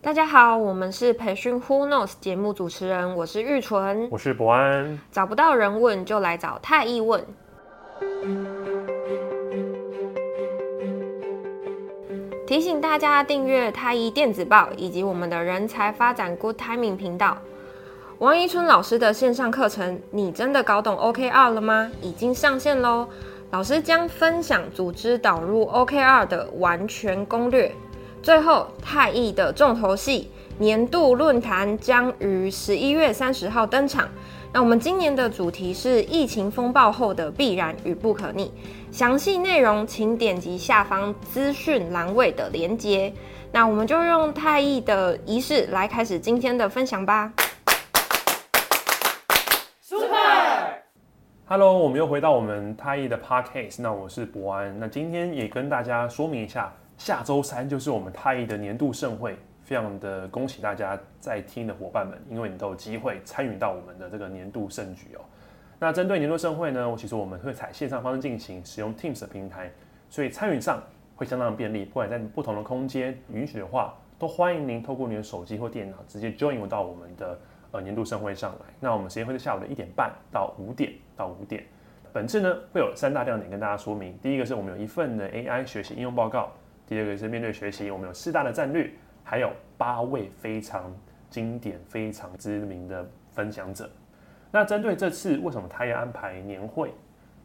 大家好，我們是培訓 Who Knows 節目主持人，我是玉純，我是博安。找不到人問，就來找太毅問。提醒大家訂閱太毅電子報，以及我們的人才發展 Good Timing 頻道。王一春老師的線上課程，你真的搞懂 OKR 了嗎？已經上線嘍！老師將分享組織導入 OKR 的完全攻略。最後，太毅的重頭戲年度論壇將於十一月三十號登場。那我們今年的主題是疫情風暴後的必然與不可逆。詳細內容，請點擊下方資訊欄位的連結。那我們就用太毅的儀式來開始今天的分享吧。Super，Hello，我們又回到我們太毅的 Podcast，那我是博安。那今天也跟大家說明一下。下週三就是我們太毅的年度盛會，非常的恭喜大家在聽的夥伴們，因為你都有機會參與到我們的這個年度盛舉哦、喔。那針對年度盛會呢，其實我們會採線上方式進行，使用 Teams 的平台，所以參與上會相當的便利。不管在不同的空間允許的話，都歡迎您透過你的手機或電腦直接 join 到我們的呃年度盛會上來。那我們時間會在下午的一點半到五點到五點。本次呢會有三大亮點跟大家說明，第一個是我們有一份的 AI 學習應用報告。第二個是面對學習，我們有四大的戰略，還有八位非常經典、非常知名的分享者。那針對這次，為什麼太毅要安排年會？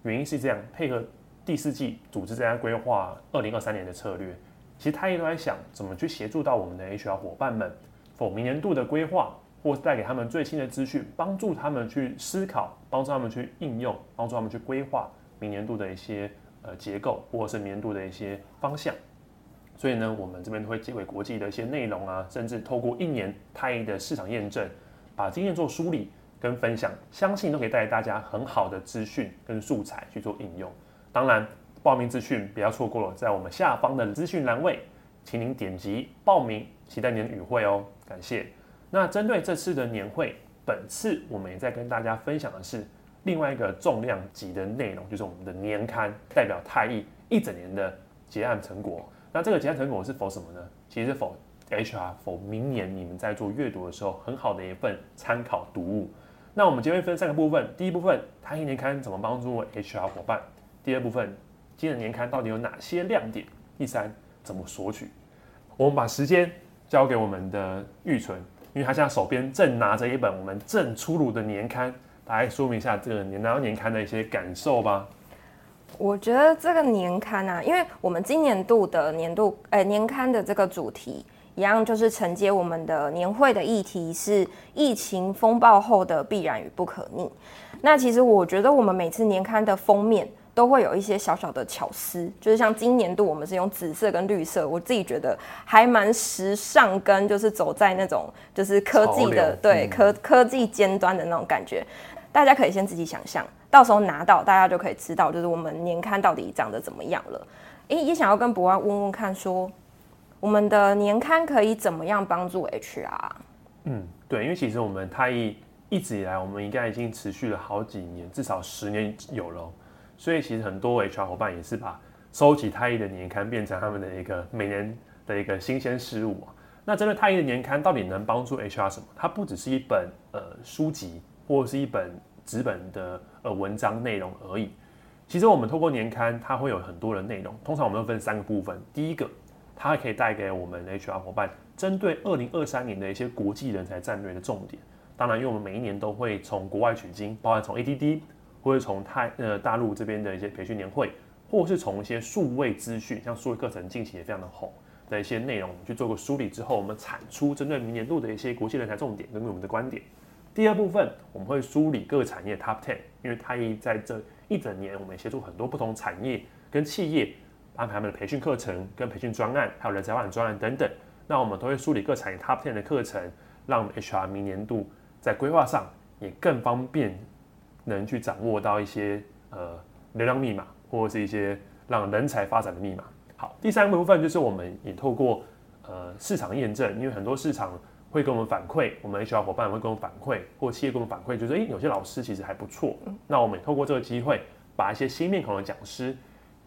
原因是這樣，配合第四季組織這樣規劃二零二三年的策略。其實他也都在想怎麼去協助到我們的 HR 夥伴們，否明年度的規劃，或是帶給他們最新的資訊，幫助他們去思考，幫助他們去應用，幫助他們去規劃明年度的一些呃結構，或者是明年度的一些方向。所以呢，我們這邊會積累國際的一些內容啊，甚至透過一年太毅的市場驗證，把經驗做梳理跟分享，相信都可以帶大家很好的資訊跟素材去做應用。當然，報名資訊不要錯過了，在我們下方的資訊欄位，請您點擊報名，期待您的與會哦，感謝。那針對這次的年會，本次我們也在跟大家分享的是另外一個重量級的內容，就是我們的年刊，代表太毅一整年的結案成果。那這個《杰森成果》是 for 什麼呢？其實是 for HR，for 明年你們在做閱讀的時候，很好的一份參考讀物。那我們今天會分三個部分：第一部分，太毅年刊怎麼幫助 HR 伙伴；第二部分，今年年刊到底有哪些亮點；第三，怎麼索取。我們把時間交給我們的玉存，因為他現在手邊正拿着一本我們正出爐的年刊，來說明一下這個拿到年刊的一些感受吧。我覺得這個年刊啊，因為我們今年度的年度誒、欸、年刊的這個主題一樣，就是承接我們的年會的議題是疫情風暴後的必然與不可逆。那其實我覺得我們每次年刊的封面都會有一些小小的巧思，就是像今年度我們是用紫色跟綠色，我自己覺得還蠻時尚，跟就是走在那種就是科技的對科、科技尖端的那種感覺。大家可以先自己想象。到時候拿到，大家就可以知道，就是我們年刊到底長得怎麼樣了。哎，也想要跟博安問問看，說我們的年刊可以怎麼樣幫助 HR？嗯，對，因為其實我們太毅一直以來，我們應該已經持續了好幾年，至少十年有了。所以其實很多 HR 夥伴也是把收集太毅的年刊變成他們的一個每年的一個新鮮事物啊。那真的太毅的年刊到底能幫助 HR 什麼？它不只是一本呃書籍，或者是一本。紙本的呃文章內容而已。其實我們透過年刊，它會有很多的內容。通常我們分三個部分。第一個，它還可以帶給我們 HR 夥伴，針對二零二三年的一些國際人才戰略的重點。當然，因為我們每一年都會從國外取經，包括從 ADD，或者從泰呃大陸這邊的一些培訓年會，或是從一些數位資訊，像數位課程進行的非常的好的一些內容去做個梳理之後，我們產出針對明年度的一些國際人才重點，跟我們的觀點。第二部分，我們會梳理各產業 top ten，因為太毅在這一整年，我們協助很多不同產業跟企業安排他們的培訓課程，跟培訓專案，還有人才發展專案等等。那我們都會梳理各產業 top ten 的課程，讓 HR 明年度在規劃上也更方便，能去掌握到一些呃流量密碼，或者是一些讓人才發展的密碼。好，第三個部分就是我們也透過呃市場驗證，因為很多市場。會跟我們反饋，我們 HR 夥伴會跟我們反饋，或企業跟我們反饋，就是哎、欸，有些老師其實還不錯。那我們也透過這個機會，把一些新面孔的講師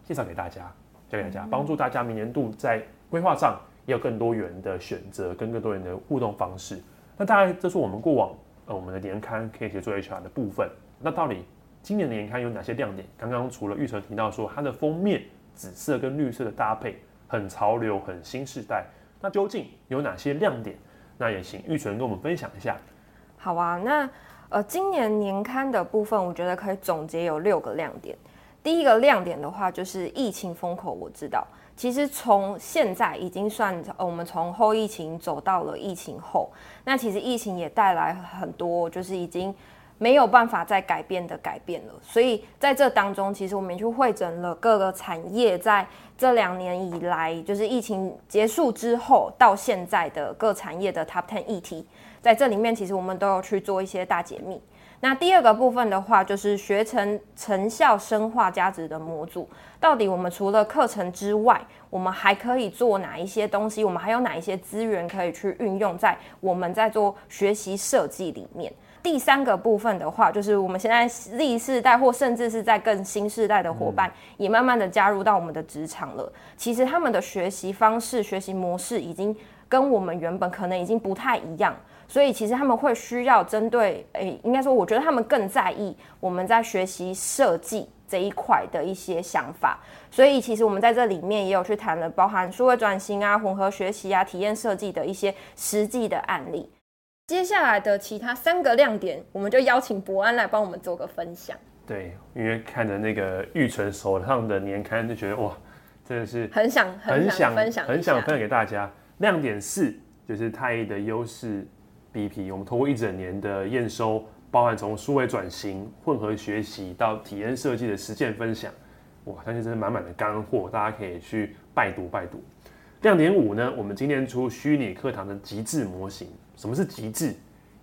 介紹給大家，教給大家，幫助大家明年度在規劃上要更多元的選擇，跟更多元的互動方式。那大概這是我們過往呃我們的年刊可以協助 HR 的部分。那到底今年的年刊有哪些亮點？剛剛除了玉成提到說它的封面紫色跟綠色的搭配很潮流，很新時代。那究竟有哪些亮點？那也請，玉璇跟我們分享一下。好啊，那呃，今年年刊的部分，我覺得可以總結有六個亮點。第一個亮點的話，就是疫情風口，我知道，其實從現在已經算、呃、我們從後疫情走到了疫情後，那其實疫情也帶來很多，就是已經。沒有辦法再改變的改變了，所以在這當中，其實我們去會診了各個產業在這兩年以來，就是疫情結束之後到現在的各產業的 Top Ten 議題，在這裡面，其實我們都有去做一些大解密。那第二個部分的話，就是學成成效深化價值的模組，到底我們除了課程之外，我們還可以做哪一些東西？我們還有哪一些資源可以去運用在我們在做學習設計裡面？第三個部分的話，就是我們現在歷世代或甚至是在更新世代的夥伴，也慢慢的加入到我們的職場了。其實他們的學習方式、學習模式已經跟我們原本可能已經不太一樣。所以其實他們會需要針對，誒、欸，應該說，我覺得他們更在意我們在學習設計這一塊的一些想法。所以其實我們在這裡面也有去談了，包含數位轉型啊、混合學習啊、體驗設計的一些實際的案例。接下來的其他三個亮點，我們就邀請博安來幫我們做個分享。對，因為看着那個玉存手上的年刊就覺得哇，真的是很想很想分享，很想分享想分享給大家。亮點四就是太毅的優勢。D.P. 我們通過一整年的驗收，包含從數位轉型、混合學習到體驗設計的實踐分享，哇，相信真是滿滿的乾貨，大家可以去拜讀拜讀。亮點五呢，我們今天出虛擬課堂的極致模型。什麼是極致？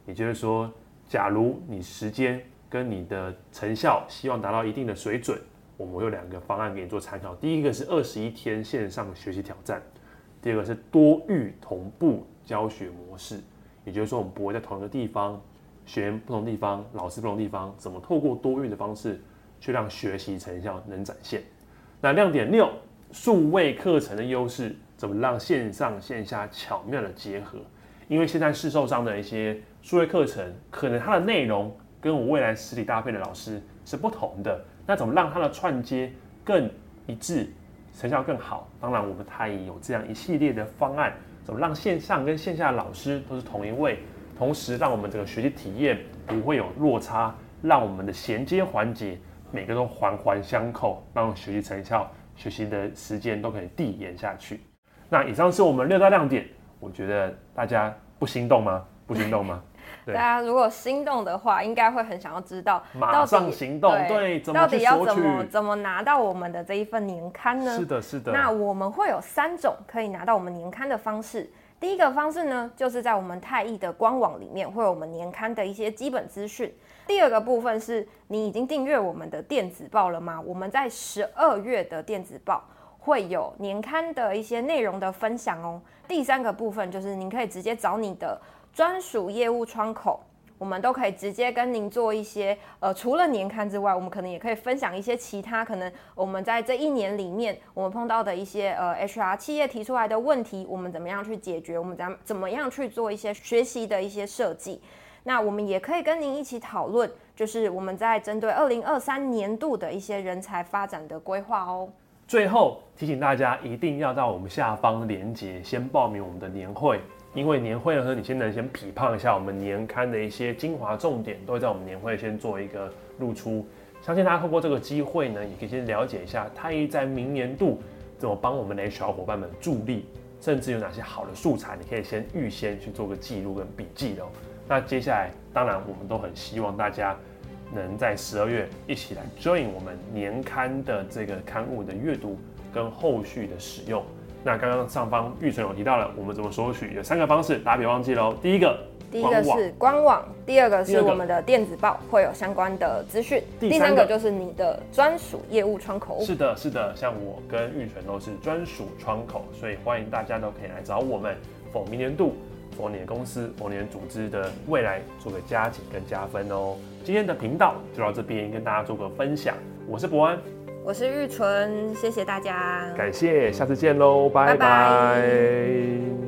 也就是說，假如你時間跟你的成效希望達到一定的水準，我們有兩個方案給你做參考。第一個是二十一天線上學習挑戰，第二個是多域同步教學模式。也就是說，我們不會在同一個地方，學不同地方，老師不同地方，怎麼透過多運的方式去讓學習成效能展現？那亮點六，數位課程的優勢，怎麼讓線上線下巧妙的結合？因為現在市售上的一些數位課程，可能它的內容跟我未來實體搭配的老師是不同的，那怎麼讓它的串接更一致，成效更好？當然，我們太毅有這樣一系列的方案。怎麼讓線上跟線下的老師都是同一位，同時讓我們整個學習體驗不會有落差，讓我們的銜接環節每個都環環相扣，讓學習成效、學習的時間都可以遞延下去。那以上是我們六大亮點，我覺得大家不心動嗎？不心動嗎？嗯大家、啊、如果心動的話，應該會很想要知道到底，馬上行動，對，對到底要怎麼怎麼拿到我們的這一份年刊呢？是的，是的。那我們會有三種可以拿到我們年刊的方式。第一個方式呢，就是在我們太毅的官網裡面會有我們年刊的一些基本資訊。第二個部分是你已經訂閱我們的電子報了嗎？我們在十二月的電子報會有年刊的一些內容的分享哦。第三個部分就是你可以直接找你的專屬業務窗口，我們都可以直接跟您做一些，呃，除了年刊之外，我們可能也可以分享一些其他可能我們在這一年裡面我們碰到的一些呃 HR 企業提出來的問題，我們怎麼樣去解決，我們怎怎麼樣去做一些學習的一些設計。那我們也可以跟您一起討論，就是我們在針對二零二三年度的一些人才發展的規劃哦。最後提醒大家，一定要到我們下方連結先報名我們的年會。因為年會的時候，你先能先批判一下我們年刊的一些精華重點，都會在我們年會先做一個露出。相信大家透過這個機會呢，也可以先了解一下太毅在明年度怎麼幫我們的小夥伴們助力，甚至有哪些好的素材，你可以先預先去做個記錄跟筆記的、哦。那接下來，當然我們都很希望大家能在十二月一起來 join 我們年刊的這個刊物的閱讀跟後續的使用。那剛剛上方玉純有提到了，我們怎麼索取有三個方式，大家別忘記嘍。第一個，第一個是官網，第二個是我們的電子報，會有相關的資訊。第三個就是你的專屬業務窗口。是的，是的，像我跟玉純都是專屬窗口，所以歡迎大家都可以來找我們，為明年度、為你的公司、為你的組織的未來做個加緊跟加分哦、喔。今天的頻道就到這邊跟大家做個分享，我是博安。我是玉純，謝謝大家，感謝，下次見嘍，拜拜。Bye bye